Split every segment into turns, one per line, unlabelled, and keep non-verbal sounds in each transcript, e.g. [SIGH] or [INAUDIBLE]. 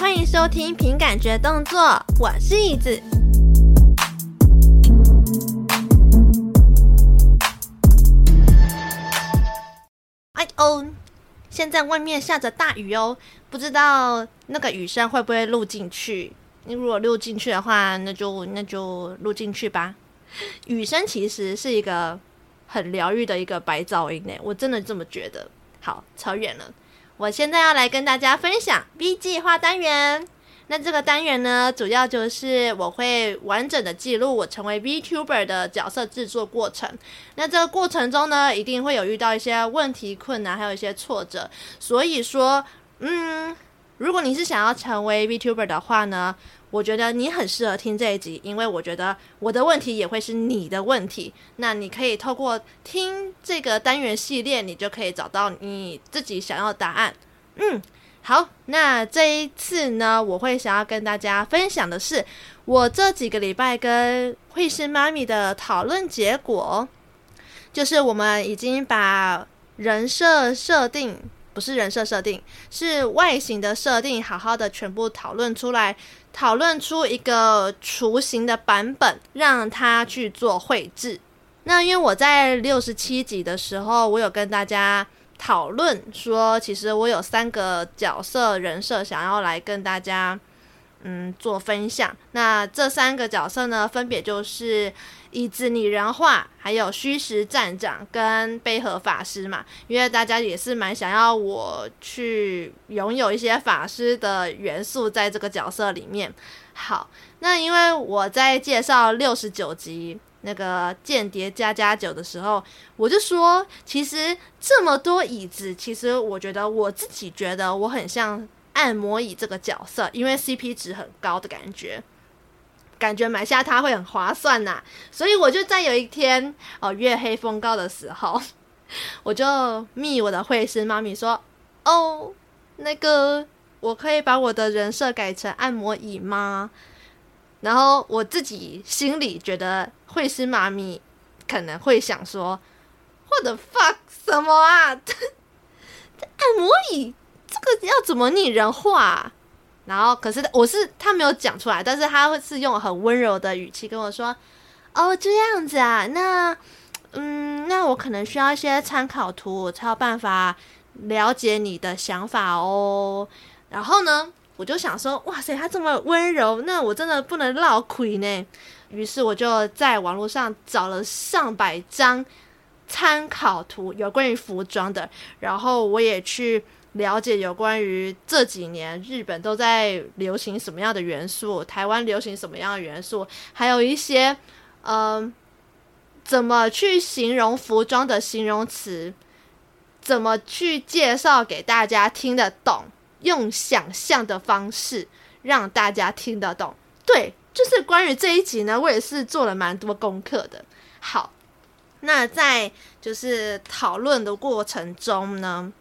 歡迎收聽憑感覺動作，我是怡子。哎哦，現在外面下着大雨哦，不知道那個雨聲會不會錄進去？你如果錄進去的話，那就那就錄進去吧。雨聲其實是一個很療癒的一個白噪音呢，我真的這麼覺得。好，扯遠了。我現在要來跟大家分享 V 計劃單元。那這個單元呢，主要就是我會完整的記錄我成為 Vtuber 的角色制作過程。那這個過程中呢，一定會有遇到一些問題、困難，還有一些挫折。所以說，嗯。如果你是想要成為 Vtuber 的話呢，我覺得你很適合聽這一集，因為我覺得我的問題也會是你的問題。那你可以透過聽這個單元系列，你就可以找到你自己想要的答案。嗯，好，那這一次呢，我會想要跟大家分享的是，我這幾個禮拜跟繪師媽咪的討論結果，就是我們已經把人設設定。不是人設設定，是外形的設定，好好的全部討論出來，討論出一個雛形的版本，讓他去做繪製。那因為我在六十七集的時候，我有跟大家討論說，其實我有三個角色人設想要來跟大家。嗯，做分享。那這三個角色呢，分別就是椅子擬人化，還有虛實站長跟背合法師嘛。因為大家也是蠻想要我去擁有一些法師的元素在這個角色裡面。好，那因為我在介紹六十九集那個間諜家家酒的時候，我就說，其實這麼多椅子，其實我覺得我自己覺得我很像，按摩椅這個角色，因為 CP 值很高的感覺，感覺買下它會很划算吶、啊，所以我就在有一天哦月黑風高的時候，我就密我的繪師媽咪說：“哦、oh,，那個我可以把我的人設改成按摩椅嗎？”然後我自己心裡覺得繪師媽咪可能會想說：“what the fuck 什麼啊？ [LAUGHS] 這按摩椅。”這個要怎麼擬人化啊？然後可是我是他沒有講出來，但是他會是用很溫柔的語氣跟我說：“哦，這樣子啊，那嗯，那我可能需要一些參考圖，我才有辦法了解你的想法哦。”然後呢，我就想說：“哇塞，他這麼溫柔，那我真的不能漏氣呢。”於是我就在網絡上找了上百張參考圖，有關於服裝的，然後我也去。了解有關於這幾年日本都在流行什麼樣的元素，台灣流行什麼樣的元素，還有一些嗯、呃，怎麼去形容服裝的形容詞，怎麼去介紹給大家聽得懂，用想象的方式讓大家聽得懂。對，就是關於這一集呢，我也是做了蠻多功課的。好，那在就是討論的過程中呢。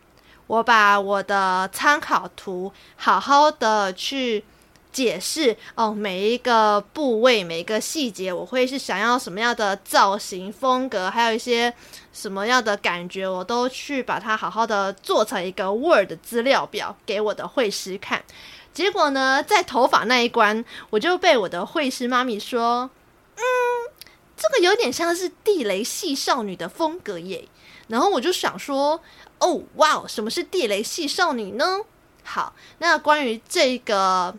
我把我的參考圖好好的去解釋哦，每一個部位、每一個細節，我會是想要什麼樣的造型風格，還有一些什麼樣的感覺，我都去把它好好的做成一個 Word 資料表給我的繪師看。結果呢，在頭髮那一關，我就被我的繪師媽咪說：“嗯，這個有點像是地雷系少女的風格耶。”然後我就想說。哦，哇哦！什麼是地雷系少女呢？好，那關於這個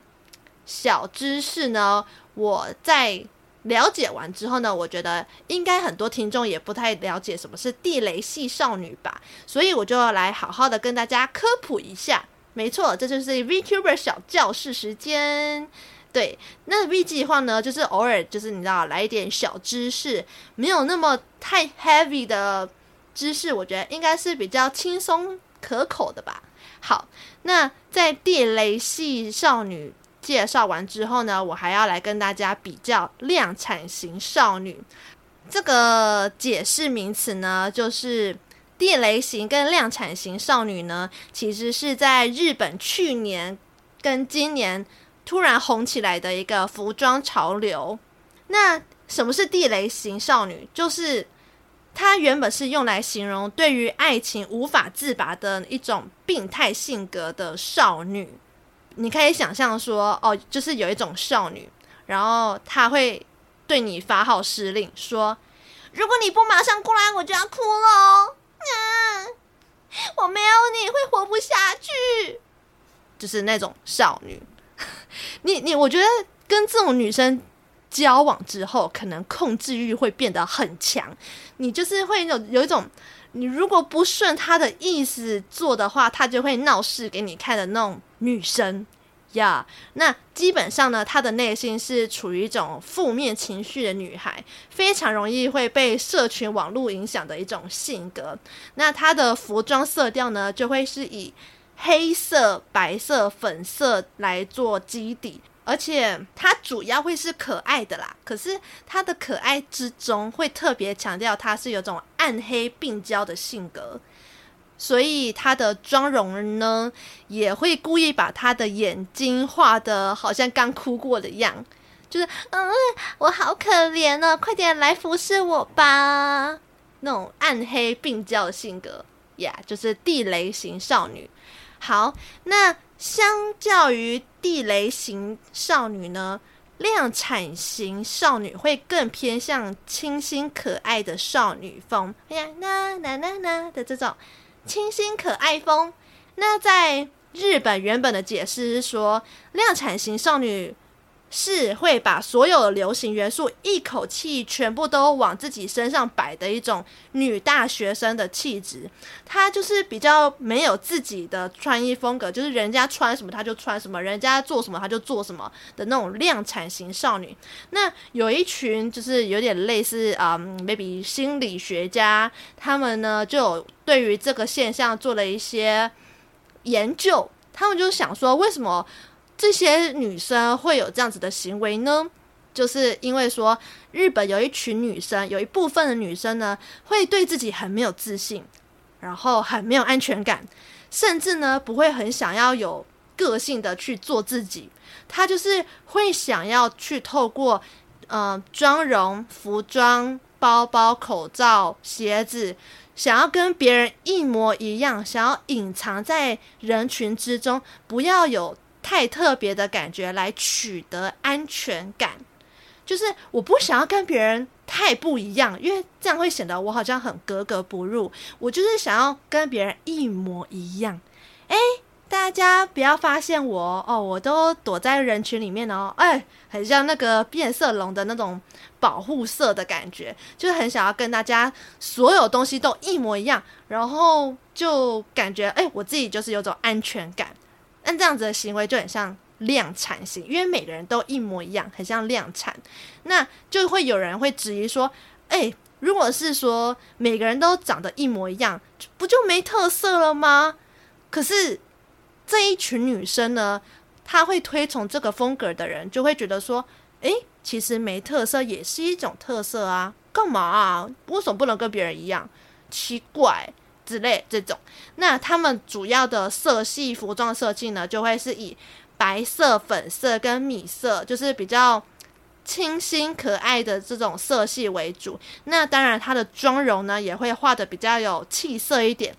小知識呢，我在了解完之後呢，我覺得應該很多聽眾也不太了解什麼是地雷系少女吧，所以我就要來好好的跟大家科普一下。沒錯，這就是 Vtuber 小教室時間。對，那 V 計劃的話呢，就是偶爾就是你知道、啊、來一點小知識，沒有那麼太 heavy 的。知識我覺得應該是比較輕鬆可口的吧。好，那在地雷系少女介紹完之後呢，我還要來跟大家比較量產型少女。這個解釋名詞呢，就是地雷型跟量產型少女呢，其實是在日本去年跟今年突然紅起來的一個服裝潮流。那什麼是地雷型少女？就是。她原本是用來形容對於愛情無法自拔的一種病態性格的少女。你可以想象說，哦，就是有一種少女，然後她會對你發號施令，說：“如果你不馬上過來，我就要哭了。嗯、啊，我沒有你會活不下去。”就是那種少女。你 [LAUGHS] 你，你我覺得跟這種女生，交往之後，可能控制慾會變得很強，你就是會有有一種，你如果不順他的意思做的話，他就會鬧事給你看的那種女生呀。Yeah. 那基本上呢，他的內心是處於一種負面情緒的女孩，非常容易會被社群網絡影響的一種性格。那他的服裝色調呢，就會是以黑色、白色、粉色來做基底。而且她主要會是可愛的啦，可是她的可愛之中會特別強調她是有種暗黑病嬌的性格，所以她的妝容呢也會故意把她的眼睛畫的好像剛哭過的樣子，就是嗯，我好可憐哦，快點來服侍我吧，那種暗黑病嬌的性格呀，yeah, 就是地雷型少女。好，那。相較於地雷型少女呢，量產型少女會更偏向清新可愛的少女風。哎呀，吶吶吶吶的這種清新可愛風。那在日本原本的解釋是說，量產型少女。是會把所有的流行元素一口氣全部都往自己身上擺的一種女大學生的氣質，她就是比較沒有自己的穿衣風格，就是人家穿什麼她就穿什麼，人家做什麼她就做什麼的那種量產型少女。那有一群就是有點類似啊，um, maybe 心理學家，他們呢就有對於這個現象做了一些研究，他們就想說為什麼。這些女生會有這樣子的行為呢？就是因為說，日本有一群女生，有一部分的女生呢，會對自己很沒有自信，然後很沒有安全感，甚至呢，不會很想要有個性的去做自己。她就是會想要去透過，嗯、呃，妝容、服裝、包包、口罩、鞋子，想要跟別人一模一樣，想要隱藏在人群之中，不要有。太特別的感覺來取得安全感，就是我不想要跟別人太不一樣，因為這樣會顯得我好像很格格不入。我就是想要跟別人一模一樣。欸，大家不要發現我哦，我都躲在人群裡面哦。欸，很像那個變色龍的那種保護色的感覺，就是很想要跟大家所有東西都一模一樣，然後就感覺欸，我自己就是有種安全感。但這樣子的行為就很像量產型，因為每個人都一模一樣，很像量產。那就會有人會質疑說：“哎、欸，如果是說每個人都長得一模一樣，不就沒特色了嗎？”可是這一群女生呢，她會推崇這個風格的人，就會覺得說：“哎、欸，其實沒特色也是一種特色啊，幹嘛啊？為什麼不能跟別人一樣？奇怪。”之類這種，那他們主要的色系服裝設計呢，就會是以白色、粉色跟米色，就是比較清新可愛的這種色系為主。那當然，他的妝容呢也會畫得比較有氣色一點，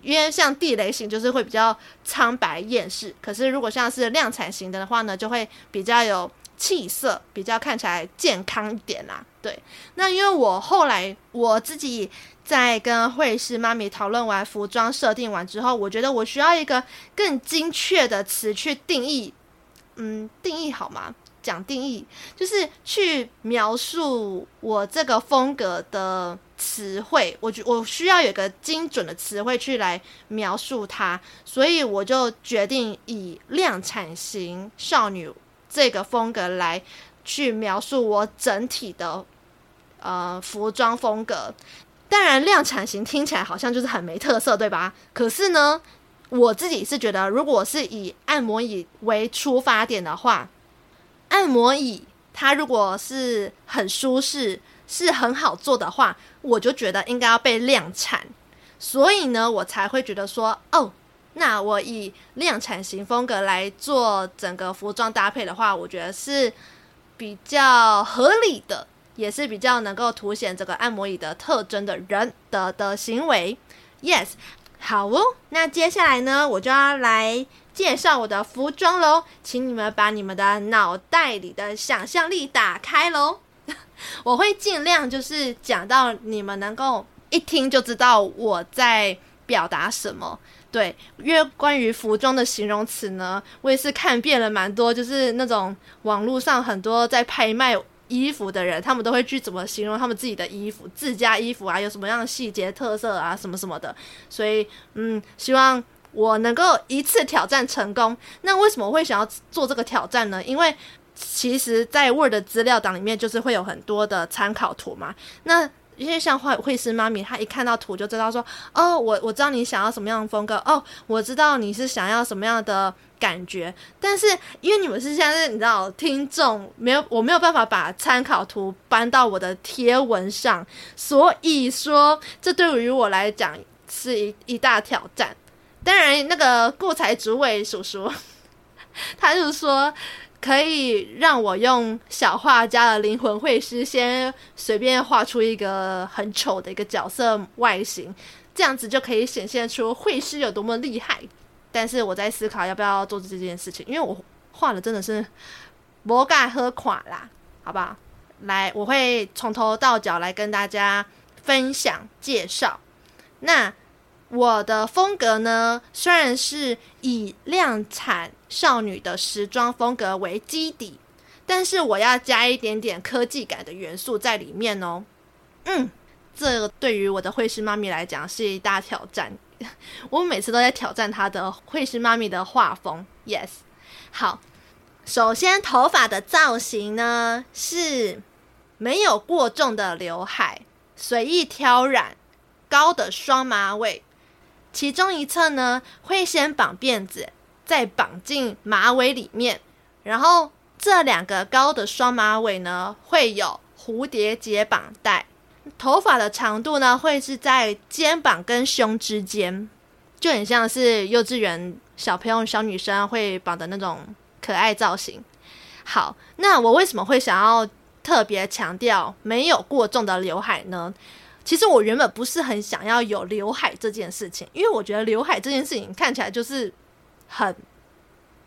因為像地雷型就是會比較蒼白厭世，可是如果像是量產型的話呢，就會比較有氣色，比較看起來健康一點啦。對，那因為我後來我自己。在跟繪師媽咪討論完服裝設定完之後，我覺得我需要一個更精確的詞去定義，嗯，定義好嗎？講定義就是去描述我這個風格的詞彙。我我需要有一個精準的詞彙去來描述它，所以我就決定以量產型少女這個風格來去描述我整體的呃服裝風格。當然，量產型聽起來好像就是很沒特色，對吧？可是呢，我自己是覺得，如果是以按摩椅為出發點的話，按摩椅它如果是很舒適、是很好坐的話，我就覺得應該要被量產。所以呢，我才會覺得說，哦，那我以量產型風格來做整個服裝搭配的話，我覺得是比較合理的。也是比較能夠凸顯這個按摩椅的特徵的人的的行為。Yes，好哦。那接下來呢，我就要來介紹我的服裝嘍，請你們把你們的腦袋裡的想象力打開嘍。我會盡量就是講到你們能夠一聽就知道我在表達什麼。對，因為關於服裝的形容詞呢，我也是看遍了蠻多，就是那種網絡上很多在拍賣。衣服的人，他們都會去怎麼形容他們自己的衣服、自家衣服啊？有什麼樣的細節特色啊？什麼什麼的。所以，嗯，希望我能夠一次挑戰成功。那為什麼我會想要做這個挑戰呢？因為其實在 Word 資料檔裡面就是會有很多的參考圖嘛。那因為像繪繪師媽咪，她一看到圖就知道說：“哦，我我知道你想要什麼樣的風格，哦，我知道你是想要什麼樣的感覺。”但是因為你們是現在，是你知道，聽眾沒有，我沒有辦法把參考圖搬到我的貼文上，所以說這對於我來講是一一大挑戰。當然，那個顧才主委叔叔，他就說。可以讓我用小畫家的靈魂繪師先隨便畫出一個很醜的一個角色外形，這樣子就可以顯現出繪師有多麼厲害。但是我在思考要不要做這件事情，因為我畫的真的是摩卡喝垮啦，好不好？來，我會從頭到腳來跟大家分享介紹。那。我的風格呢，雖然是以量產少女的時裝風格為基底，但是我要加一點點科技感的元素在裡面哦。嗯，這對於我的繪師媽咪來講是一大挑戰。我每次都在挑戰她的繪師媽咪的畫風。Yes，好，首先頭髮的造型呢，是沒有過重的劉海隨意挑染，高的雙馬尾。其中一側呢，會先綁辮子，再綁進馬尾裡面。然後這兩個高的雙馬尾呢，會有蝴蝶結綁帶。頭髮的長度呢，會是在肩膀跟胸之間，就很像是幼稚園小朋友小女生會綁的那種可愛造型。好，那我為什麼會想要特別強調沒有過重的劉海呢？其實我原本不是很想要有劉海這件事情，因為我覺得劉海這件事情看起來就是很，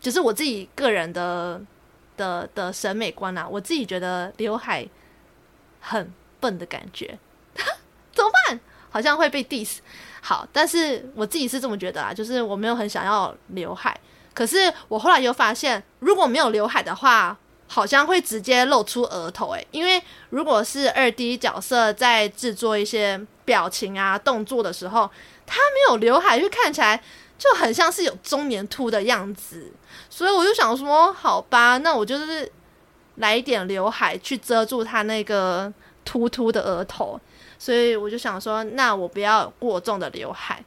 就是我自己個人的的的審美觀啊，我自己覺得劉海很笨的感覺， [LAUGHS] 怎麼辦？好像會被 diss。好，但是我自己是這麼覺得啦，就是我沒有很想要劉海。可是我後來又發現，如果沒有劉海的話，好像會直接露出額頭哎，因為如果是 2D 角色在制作一些表情啊、動作的時候，他沒有劉海，就看起來就很像是有中年禿的樣子。所以我就想說，好吧，那我就是來一點劉海去遮住他那個禿禿的額頭。所以我就想說，那我不要過重的劉海，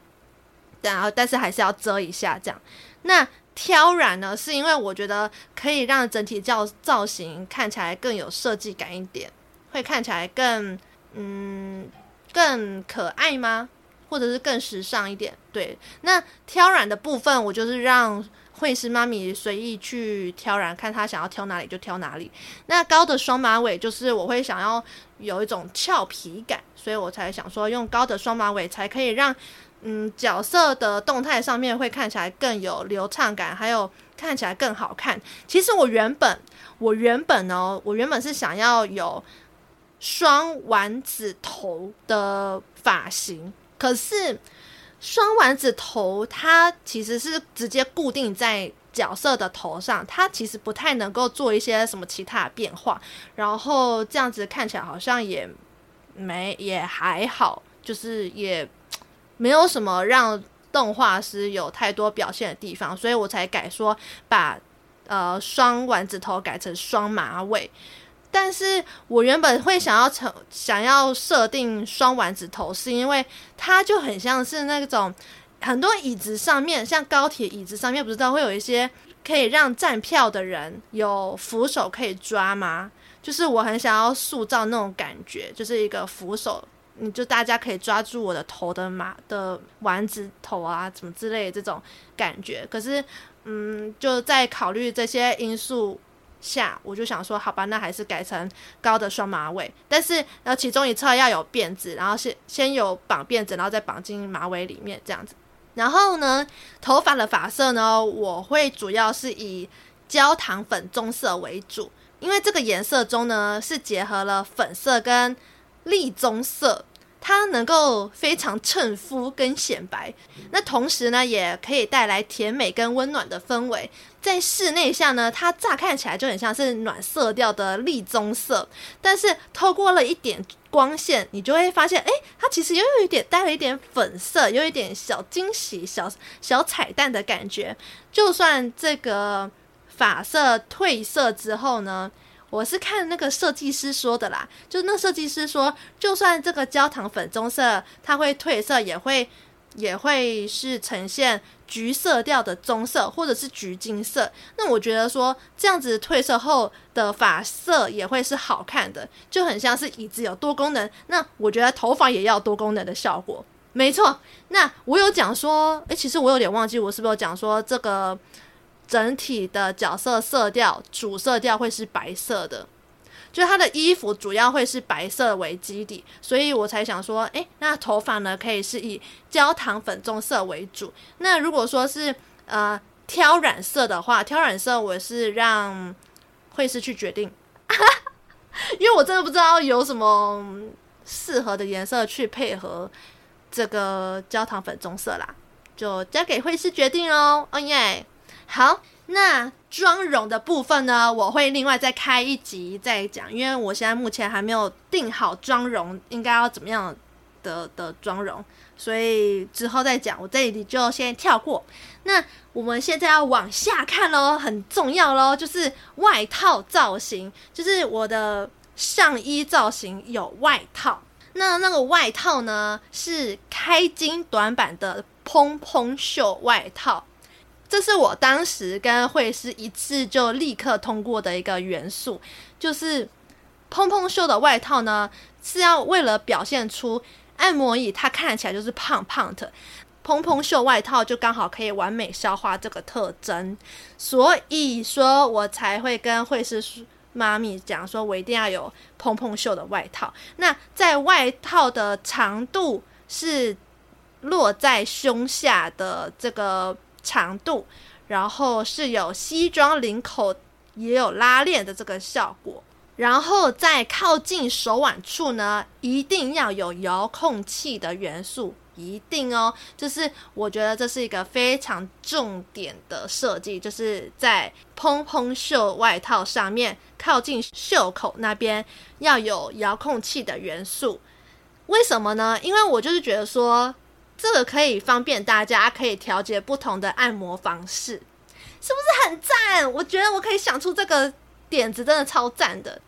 然後但是還是要遮一下這樣。那挑染呢，是因為我覺得可以讓整體造造型看起來更有設計感一點，會看起來更嗯，更可愛嗎？或者是更時尚一點？對，那挑染的部分，我就是讓繪師媽咪隨意去挑染，看她想要挑哪裡就挑哪裡。那高的雙馬尾就是我會想要有一種俏皮感，所以我才想說用高的雙馬尾才可以讓嗯，角色的動態上面會看起來更有流暢感，還有看起來更好看。其實我原本，我原本呢，我原本是想要有雙丸子頭的髮型，可是雙丸子頭它其實是直接固定在角色的頭上，它其實不太能夠做一些什麼其他的變化。然後這樣子看起來好像也沒也還好，就是也。沒有什麼讓動畫師有太多表現的地方，所以我才改說把呃雙丸子頭改成雙馬尾。但是我原本會想要成想要設定雙丸子頭，是因為它就很像是那種很多椅子上面，像高鐵椅子上面，不知道會有一些可以讓站票的人有扶手可以抓嗎？就是我很想要塑造那種感覺，就是一個扶手。你就大家可以抓住我的頭的馬的丸子頭啊，什麼之類的這種感覺。可是，嗯，就在考慮這些因素下，我就想說，好吧，那還是改成高的雙馬尾。但是，然後其中一側要有辮子，然後先先有綁辮子，然後再綁進馬尾裡面這樣子。然後呢，頭髮的髮色呢，我會主要是以焦糖粉棕色為主，因為這個顏色中呢是結合了粉色跟栗棕色。它能夠非常襯膚跟顯白，那同時呢，也可以帶來甜美跟溫暖的氛圍。在室內下呢，它乍看起來就很像是暖色調的栗棕色，但是透過了一點光線，你就會發現，誒、欸，它其實又有一點帶了一點粉色，有一點小驚喜、小小彩蛋的感覺。就算這個髮色褪色之後呢？我是看那個設計師說的啦，就那設計師說，就算這個焦糖粉棕色它會褪色，也會也會是呈現橘色調的棕色，或者是橘金色。那我覺得說這樣子褪色後的髮色也會是好看的，就很像是椅子有多功能，那我覺得頭髮也要多功能的效果，沒錯。那我有講說，誒，其實我有點忘記，我是不是有講說這個。整體的角色色調主色調會是白色的，就他的衣服主要會是白色為基底，所以我才想說，誒，那頭髮呢可以是以焦糖粉棕色為主。那如果說是呃挑染色的話，挑染色我是讓繪師去決定， [LAUGHS] 因為我真的不知道有什麼適合的顏色去配合這個焦糖粉棕色啦，就交給繪師決定哦，哦耶。好，那妝容的部分呢，我會另外再開一集再講，因為我現在目前還沒有定好妝容，應該要怎麼樣的的妝容，所以之後再講。我這裡就先跳過。那我們現在要往下看咯，很重要咯，就是外套造型，就是我的上衣造型有外套。那那個外套呢，是開襟短版的蓬蓬袖外套。這是我當時跟繪師一次就立刻通過的一個元素，就是蓬蓬袖的外套呢，是要為了表現出按摩椅它看起來就是胖胖的，蓬蓬袖外套就剛好可以完美消化這個特徵，所以說我才會跟繪師媽咪講說，我一定要有蓬蓬袖的外套。那在外套的長度是落在胸下的這個。長度，然後是有西裝領口，也有拉鏈的這個效果，然後在靠近手腕處呢，一定要有遙控器的元素，一定哦。就是我覺得這是一個非常重點的設計，就是在蓬蓬袖外套上面靠近袖口那邊要有遙控器的元素。為什麼呢？因為我就是覺得說。這個可以方便大家，可以調節不同的按摩方式，是不是很讚？我覺得我可以想出這個點子，真的超讚的。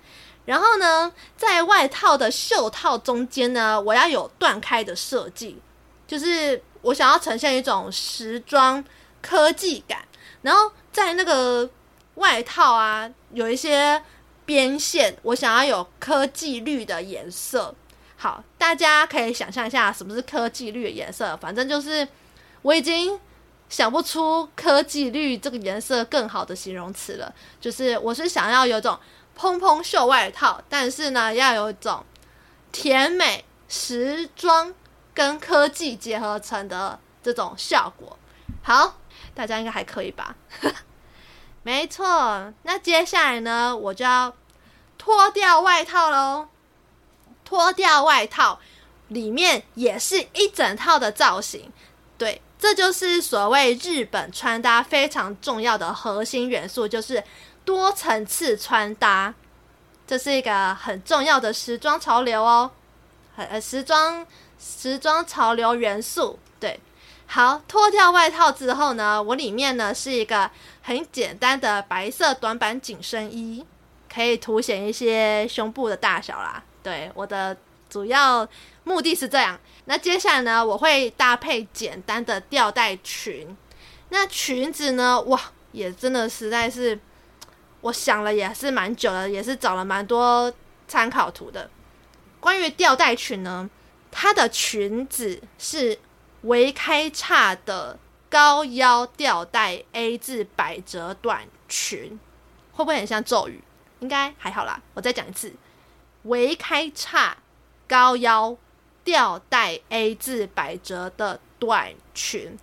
然後呢，在外套的袖套中間呢，我要有斷開的設計，就是我想要呈現一種時裝科技感。然後在那個外套啊，有一些邊線，我想要有科技綠的顏色。好，大家可以想象一下什麼是科技綠的顏色，反正就是我已經想不出科技綠這個顏色更好的形容詞了。就是我是想要有種蓬蓬袖外套，但是呢要有一種甜美時裝跟科技結合成的這種效果。好，大家應該還可以吧？ [LAUGHS] 沒錯，那接下來呢我就要脫掉外套嘍。脫掉外套，裡面也是一整套的造型。對，這就是所謂日本穿搭非常重要的核心元素，就是多層次穿搭。這是一個很重要的時裝潮流哦，呃，時裝時裝潮流元素。對，好，脫掉外套之後呢，我裡面呢是一個很簡單的白色短版緊身衣，可以凸顯一些胸部的大小啦。對，我的主要目的是這樣。那接下來呢，我會搭配簡單的吊帶裙。那裙子呢，哇，也真的實在是，我想了也是蠻久了，也是找了蠻多參考圖的。關於吊帶裙呢，它的裙子是微開叉的高腰吊帶 A 字百褶短裙，會不會很像咒語？應該還好啦。我再講一次。微開叉高腰吊帶 A 字百褶的短裙。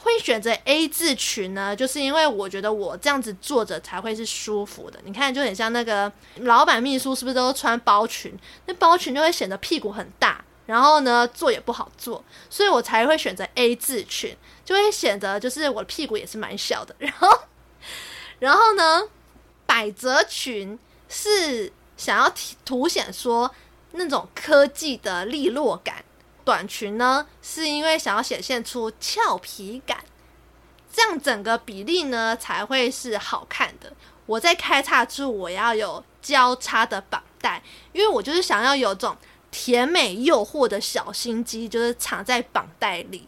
會選擇 A 字裙呢，就是因為我覺得我這樣子坐着才會是舒服的。你看，就很像那個老闆秘書，是不是都穿包裙？那包裙就會顯得屁股很大，然後呢，坐也不好坐，所以我才會選擇 A 字裙，就會顯得就是我的屁股也是蠻小的。然後，然後呢，百褶裙是。想要凸顯說那種科技的利落感，短裙呢是因為想要顯現出俏皮感，這樣整個比例呢才會是好看的。我在開叉處我要有交叉的綁帶，因為我就是想要有種甜美誘惑的小心機，就是藏在綁帶裡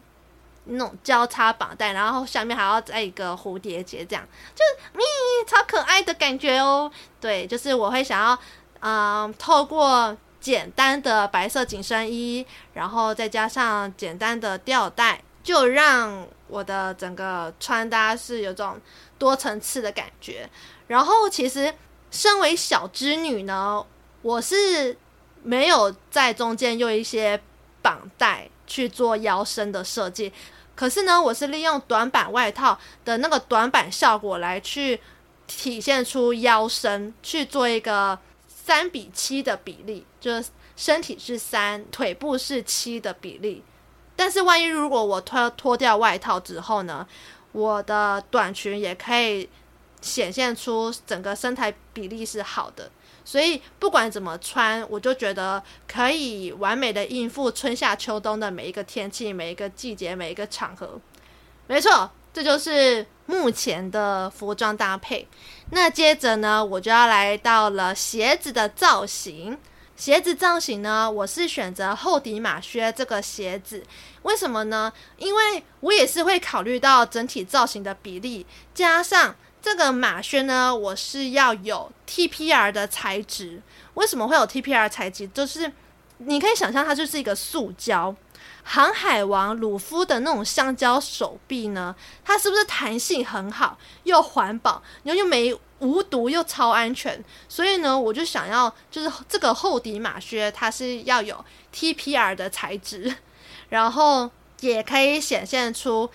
那種交叉綁帶，然後下面還要再一個蝴蝶結，這樣就是咪超可愛的感覺哦。對，就是我會想要。嗯，透過簡單的白色緊身衣，然後再加上簡單的吊帶，就讓我的整個穿搭是有種多層次的感覺。然後，其實身為小織女呢，我是沒有在中間用一些綁帶去做腰身的設計。可是呢，我是利用短版外套的那個短版效果來去體現出腰身，去做一個。三比七的比例，就是身體是三，腿部是七的比例。但是萬一如果我脫脫掉外套之後呢，我的短裙也可以顯現出整個身材比例是好的。所以不管怎麼穿，我就覺得可以完美的應付春夏秋冬的每一個天氣、每一個季節、每一個場合。沒錯，這就是。目前的服裝搭配，那接着呢，我就要來到了鞋子的造型。鞋子造型呢，我是選擇厚底馬靴這個鞋子，為什麼呢？因為我也是會考慮到整體造型的比例，加上這個馬靴呢，我是要有 TPR 的材質。為什麼會有 TPR 材質？就是你可以想象，它就是一個塑膠。航海王魯夫的那種橡膠手臂呢？它是不是彈性很好，又環保，然後又沒無毒，又超安全？所以呢，我就想要，就是這個厚底馬靴，它是要有 TPR 的材質，然後也可以顯現出。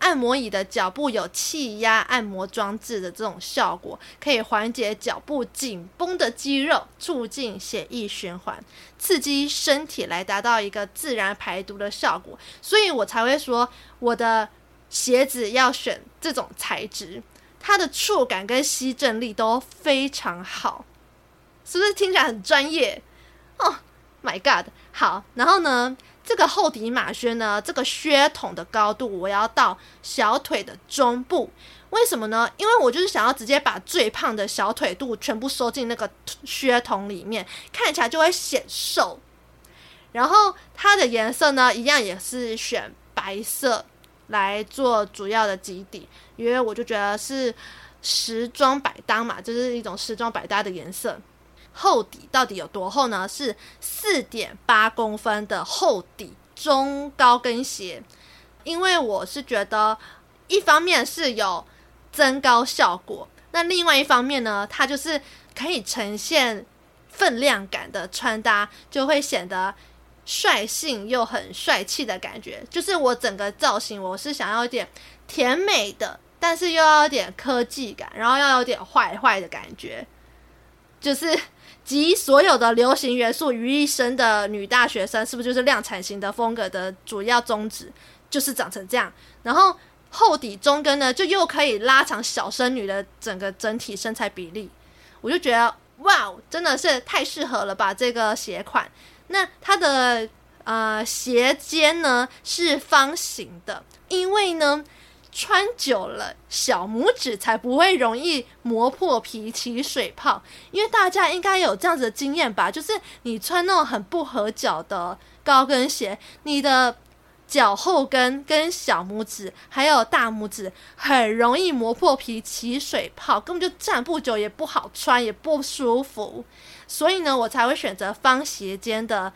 按摩椅的腳部有氣壓按摩裝置的這種效果，可以緩解腳部緊繃的肌肉，促進血液循環，刺激身體來達到一個自然排毒的效果。所以我才會說，我的鞋子要選這種材質，它的觸感跟吸震力都非常好，是不是聽起來很專業？哦，My God，好，然後呢？這個厚底馬靴呢？這個靴筒的高度我要到小腿的中部，為什麼呢？因為我就是想要直接把最胖的小腿肚全部收進那個靴筒裡面，看起來就會顯瘦。然後它的顏色呢，一樣也是選白色來做主要的基底，因為我就覺得是時裝百搭嘛，就是一種時裝百搭的顏色。厚底到底有多厚呢？是四點八公分的厚底中高跟鞋，因為我是覺得一方面是有增高效果，那另外一方面呢，它就是可以呈現分量感的穿搭，就會顯得率性又很帥氣的感覺。就是我整個造型，我是想要一點甜美的，但是又要點科技感，然後要有點壞壞的感覺，就是。集所有的流行元素於一身的女大學生，是不是就是量產型的風格的主要宗旨？就是長成這樣，然後厚底中跟呢，就又可以拉長小生女的整個整體身材比例。我就覺得，哇，真的是太適合了吧，這個鞋款。那它的，呃，鞋尖呢是方形的，因為呢。穿久了，小拇指才不會容易磨破皮、起水泡。因為大家應該有這樣子的經驗吧？就是你穿那種很不合腳的高跟鞋，你的腳後跟、跟小拇指還有大拇指很容易磨破皮、起水泡，根本就站不久，也不好穿，也不舒服。所以呢，我才會選擇方鞋尖的。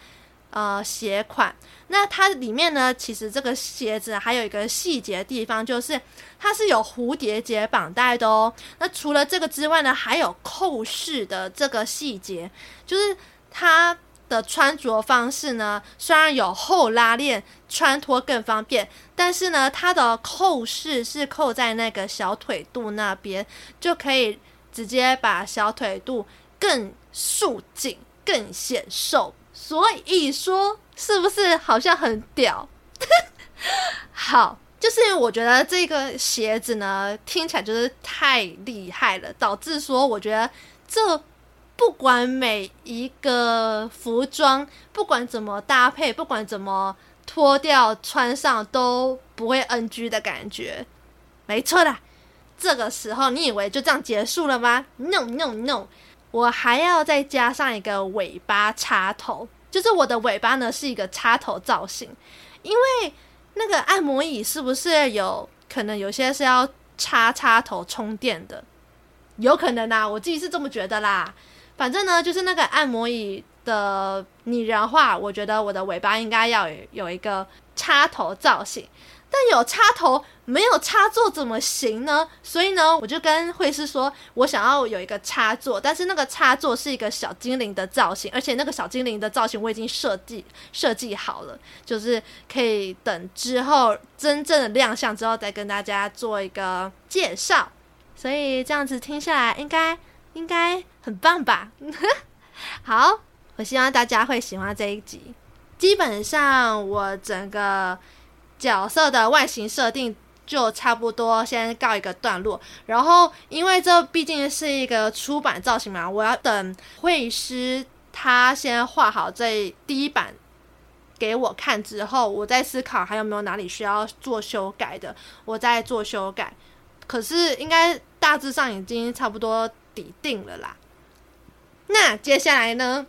呃，鞋款，那它裡面呢，其實這個鞋子還有一個細節的地方，就是它是有蝴蝶結綁帶的哦。那除了這個之外呢，還有扣式的這個細節，就是它的穿着方式呢，雖然有後拉鏈穿脫更方便，但是呢，它的扣式是扣在那個小腿肚那邊，就可以直接把小腿肚更束緊、更顯瘦。所以說，是不是好像很屌？ [LAUGHS] 好，就是因為我覺得這個鞋子呢，聽起來就是太厲害了，導致說我覺得這不管每一個服裝，不管怎麼搭配，不管怎麼脫掉穿上都不會 NG 的感覺，沒錯啦。這個時候你以為就這樣結束了嗎？No No No。我還要再加上一個尾巴插頭，就是我的尾巴呢是一個插頭造型，因為那個按摩椅是不是有可能有些是要插插頭充電的？有可能啊，我自己是這麼覺得啦。反正呢，就是那個按摩椅的擬人化，我覺得我的尾巴應該要有，有一個插頭造型。但有插頭沒有插座怎麼行呢？所以呢，我就跟繪師說，我想要有一個插座，但是那個插座是一個小精靈的造型，而且那個小精靈的造型我已經設計設計好了，就是可以等之後真正的亮相之後再跟大家做一個介紹。所以這樣子聽下來，應該應該很棒吧？ [LAUGHS] 好，我希望大家會喜歡這一集。基本上我整個。角色的外形設定就差不多，先告一個段落。然後，因為這畢竟是一個初版造型嘛，我要等繪師他先畫好這第一版給我看之後，我再思考還有沒有哪裡需要做修改的，我再做修改。可是，應該大致上已經差不多底定了啦。那接下來呢？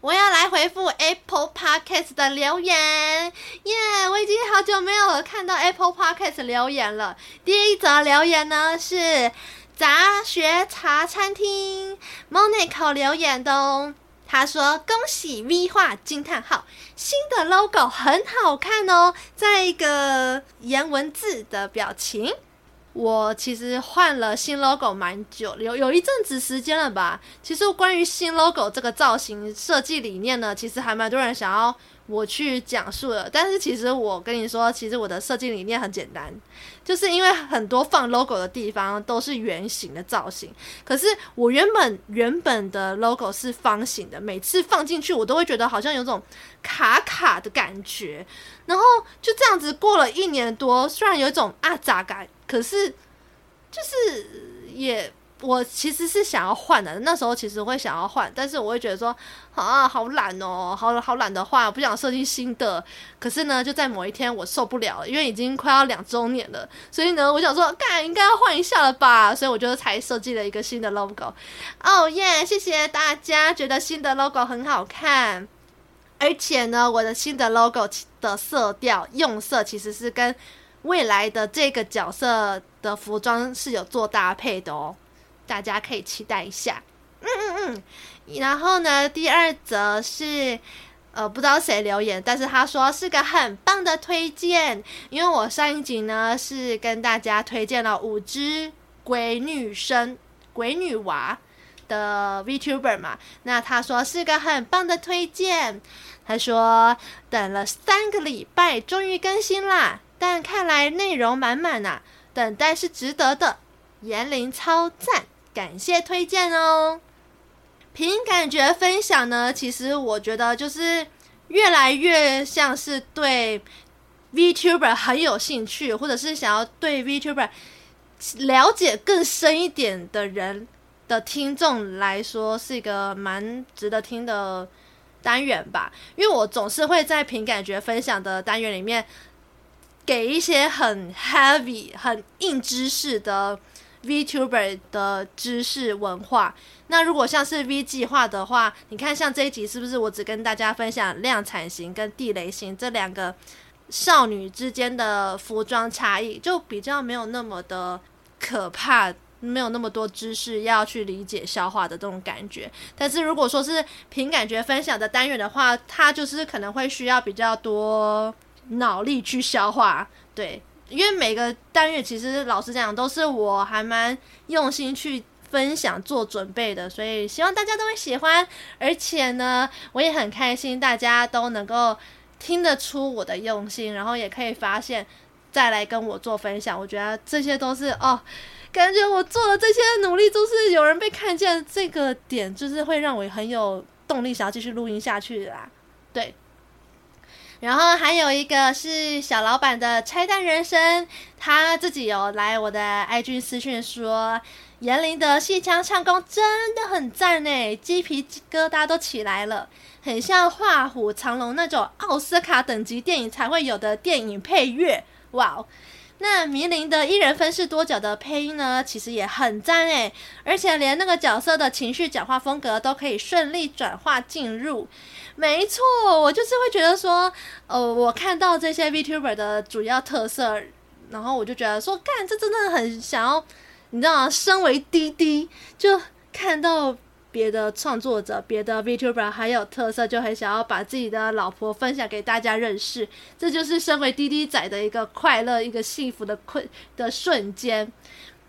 我要來回復 Apple Podcast 的留言，耶！我已經好久沒有看到 Apple Podcast 留言了。第一則留言呢是雜學茶餐廳 Monica 留言的哦，他說：“恭喜 V 畫驚嘆號，新的 logo 很好看哦。”再一個顏文字的表情。我其實換了新 logo 蠻久了，有有一陣子時間了吧？其實關於新 logo 這個造型設計理念呢，其實還蠻多人想要我去講述的。但是其實我跟你說，其實我的設計理念很簡單。就是因為很多放 logo 的地方都是圓形的造型，可是我原本原本的 logo 是方形的，每次放進去我都會覺得好像有種卡卡的感覺，然後就這樣子過了一年多，雖然有一種阿雜感，可是就是也。我其實是想要換的，那時候其實會想要換，但是我會覺得說啊，好懶哦，好懶好懶得換，不想設計新的。可是呢，就在某一天我受不了了，因為已經快要兩周年了，所以呢，我想說，幹應該要換一下了吧。所以我就才設計了一個新的 logo。Oh yeah，謝謝大家，覺得新的 logo 很好看。而且呢，我的新的 logo 的色調用色其實是跟未來的這個角色的服裝是有做搭配的哦。大家可以期待一下，嗯嗯嗯。然後呢，第二則是，呃，不知道誰留言，但是他說是個很棒的推薦，因為我上一集呢是跟大家推薦了五隻鬼女生、鬼女娃的 Vtuber 嘛，那他說是個很棒的推薦，他說等了三個禮拜終於更新啦，但看來內容滿滿吶，啊，等待是值得的，顏齡超讚。感謝推薦哦！憑感覺分享呢，其實我覺得就是越來越像是對 VTuber 很有興趣，或者是想要對 VTuber 了解更深一點的人的聽眾來說，是一個蠻值得聽的單元吧。因為我總是會在憑感覺分享的單元裡面給一些很 heavy、很硬知識的。Vtuber 的知識文化，那如果像是 V 計劃的話，你看像這一集是不是我只跟大家分享量產型跟地雷型這兩個少女之間的服裝差異，就比較沒有那麼的可怕，沒有那麼多知識要去理解消化的這種感覺。但是如果說是憑感覺分享的單元的話，它就是可能會需要比較多腦力去消化，對。因為每個單元其實老實講都是我還蠻用心去分享做準備的，所以希望大家都會喜歡。而且呢，我也很開心大家都能夠聽得出我的用心，然後也可以發現再來跟我做分享。我覺得這些都是哦，感覺我做的這些努力，都是有人被看見這個點，就是會讓我很有動力想要繼續錄音下去的啦。對。然後還有一個是小老板的拆彈人生，他自己有來我的 IG 私訊說，嚴林的戲腔唱功真的很讚誒，雞皮疙瘩都起來了，很像畫虎藏龍那種奧斯卡等級電影才會有的電影配樂，哇！那迷林的一人分飾多角的配音呢，其實也很讚誒，而且連那個角色的情緒講話風格都可以順利轉化進入。沒錯，我就是會覺得說，呃，我看到這些 Vtuber 的主要特色，然後我就覺得說，幹，這真的很想要，你知道嗎？身為滴滴，就看到別的創作者、別的 Vtuber 還有特色，就很想要把自己的老婆分享給大家認識。這就是身為滴滴仔的一個快樂、一個幸福的困的瞬間。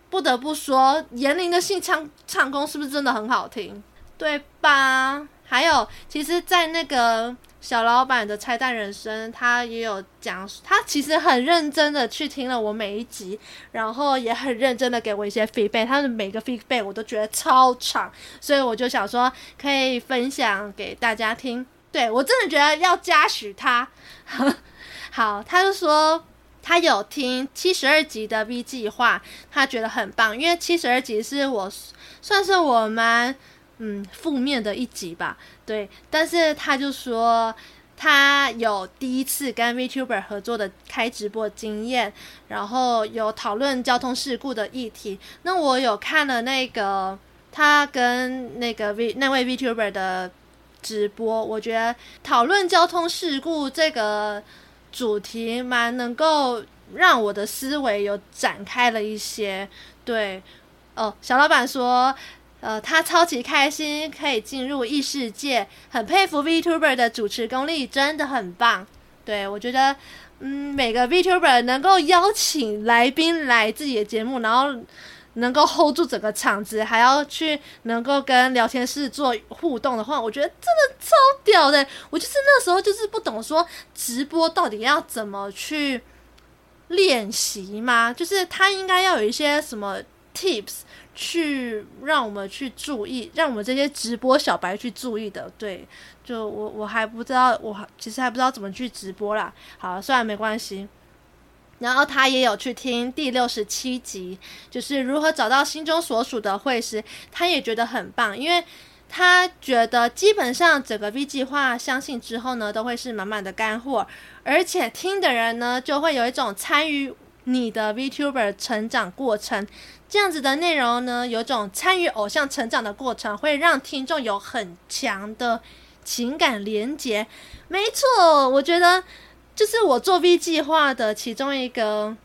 不得不說，嚴玲的戲腔唱，唱功是不是真的很好聽？對吧？還有，其實，在那個小老闆的拆彈人生，他也有講，他其實很認真的去聽了我每一集，然後也很認真的給我一些 feedback。他的每個 feedback 我都覺得超長，所以我就想說，可以分享給大家聽。對，我真的覺得要嘉許他， [LAUGHS] 好，他就說他有聽七十二集的 V 計劃，他覺得很棒，因為七十二集是我算是我們。嗯，負面的一集吧，對。但是他就說他有第一次跟 Vtuber 合作的開直播經驗，然後有討論交通事故的議題。那我有看了那個他跟那個 V 那位 Vtuber 的直播，我覺得討論交通事故這個主題蠻能夠讓我的思維有展開了一些。對，哦，小老闆說。呃，他超級開心，可以進入異世界，很佩服 Vtuber 的主持功力，真的很棒。對，我覺得，嗯，每個 Vtuber 能夠邀請來賓來自己的節目，然後能夠 hold 住整個場子，還要去能夠跟聊天室做互動的話，我覺得真的超屌的。我就是那時候就是不懂，說直播到底要怎麼去練習嗎？就是他應該要有一些什麼 tips。去讓我們去注意，讓我們這些直播小白去注意的，對，就我我還不知道，我其實還不知道怎麼去直播啦。好，算了沒關係。然後他也有去聽第六十七集，就是如何找到心中所屬的繪師，他也覺得很棒，因為他覺得基本上整個 V 計劃相信之後呢，都會是滿滿的乾貨，而且聽的人呢就會有一種參與。你的 VTuber 成長過程，這樣子的內容呢，有種參與偶像成長的過程，會讓聽眾有很強的情感連接。沒錯，我覺得就是我做 V 計劃的其中一個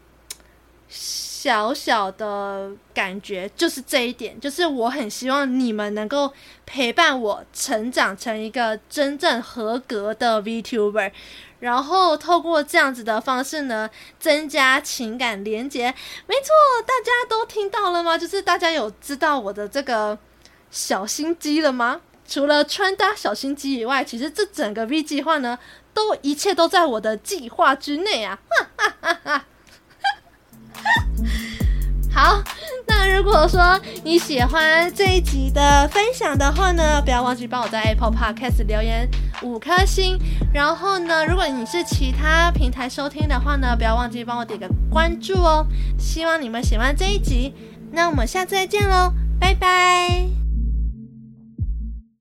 小小的感覺，就是這一點，就是我很希望你們能夠陪伴我成長成一個真正合格的 VTuber。然後透過這樣子的方式呢，增加情感連結。沒錯，大家都聽到了嗎？就是大家有知道我的這個小心機了嗎？除了穿搭小心機以外，其實這整個 V 計劃呢，都一切都在我的計劃之內啊！哈哈哈哈哈，哈。哈哈好，那如果說你喜歡這一集的分享的話呢，不要忘記幫我在 Apple Podcast 留言五顆星。然後呢，如果你是其他平台收聽的話呢，不要忘記幫我點個關注哦。希望你們喜歡這一集，那我們下次再見嘍，拜拜。